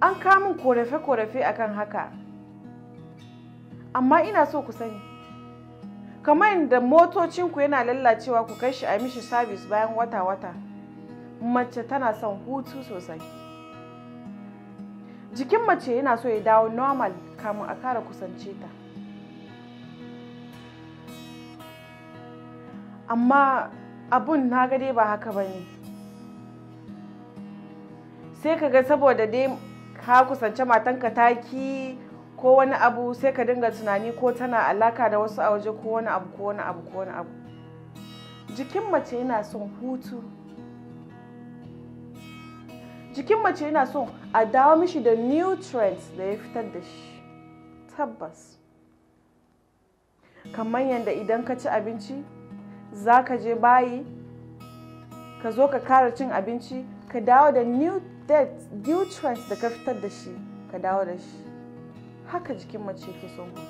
an kamun korafe-korafe akan haka amma ina so ku sani kamar inda motocinku yana lallacewa ku kai shi a mishi sabis bayan wata-wata mace tana son hutu sosai jikin mace yana so ya dawo normal kamun a kara kusance ta amma abun na gade ba haka ba ne sai ka ga saboda dai ka kusance matanka ta ki ko wani abu sai ka dinga tunani ko tana alaka da wasu a waje ko wani abu ko wani abu ko wani abu jikin mace yana son hutu jikin mace yana son a dawo mishi da nutrients da ya fitar da shi tabbas kamar yadda idan ka ci abinci za ka je bayi ka zo ka kara cin abinci ka dawo da that due da ka fitar da shi ka dawo da shi haka jikin mace ke so.